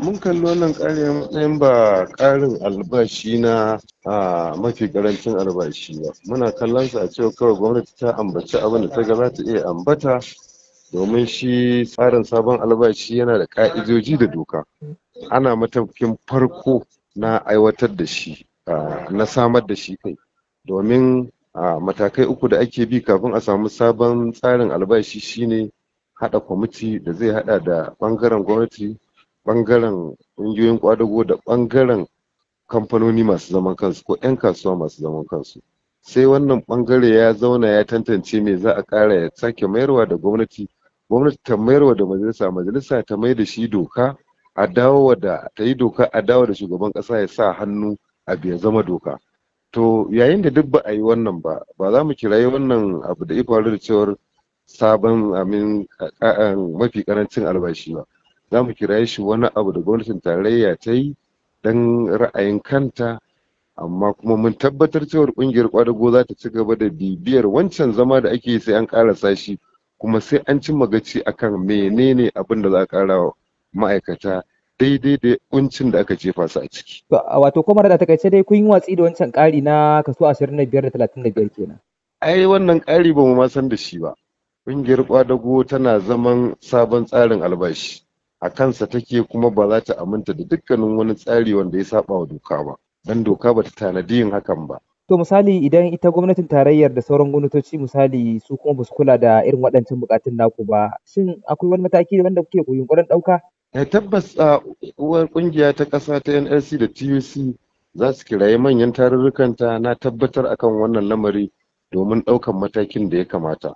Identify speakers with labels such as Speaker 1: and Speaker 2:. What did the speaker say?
Speaker 1: mun kalli wannan ƙari matsayin ba ƙarin albashi na a mafi ƙarancin albashi ba muna kallon sa a cewa kawai gwamnati ta ambaci abin da ta ga za ta iya ambata domin shi tsarin sabon albashi yana da ƙa'idoji da doka ana matakin farko na aiwatar da shi na samar da shi kai domin matakai uku da ake bi kafin a samu sabon tsarin albashi shine haɗa kwamiti da zai haɗa da ɓangaren gwamnati bangaren ƙungiyoyin kwadago da bangaren kamfanoni masu zaman kansu ko 'yan kasuwa masu zaman kansu sai wannan bangare ya zauna ya tantance me za a ƙara ya sake mayarwa da gwamnati gwamnati ta mayarwa da majalisa majalisa ta mai da shi doka a dawo da ta yi doka a dawo da shugaban ƙasa ya sa hannu a biya zama doka to yayin da duk ba a yi wannan ba ba za mu kirayi wannan abu da ya faru da cewar sabon amin mafi karancin albashi ba za mu kira shi wani abu da gwamnatin tarayya ta yi don ra'ayin kanta amma kuma mun tabbatar cewar kungiyar kwadago za ta ci gaba da bibiyar wancan zama da ake sai an karasa shi kuma sai an cimma gaci akan menene abin da za a kara ma'aikata daidai da kuncin da aka jefa su a ciki.
Speaker 2: Wato kuma da takaice dai kun yi watsi da wancan ƙari na kaso ashirin da biyar da talatin da biyar kenan.
Speaker 1: Ai wannan ƙari ba mu ma san da shi ba. Ƙungiyar kwadago tana zaman sabon tsarin albashi. a kansa take kuma ba za ta aminta da dukkanin wani tsari wanda ya saba wa doka ba dan doka ba ta tanadi yin hakan
Speaker 2: ba to misali idan ita gwamnatin tarayyar da sauran gwamnatoci misali su kuma ba su kula da irin waɗancan bukatun naku ba shin akwai wani mataki wanda kuke yunkurin ɗauka
Speaker 1: ya eh, tabbas a uwar kungiya ta ƙasa ta nlc da tuc za su kirayi manyan tarurrukanta na tabbatar akan wannan lamari domin ɗaukan matakin da ya kamata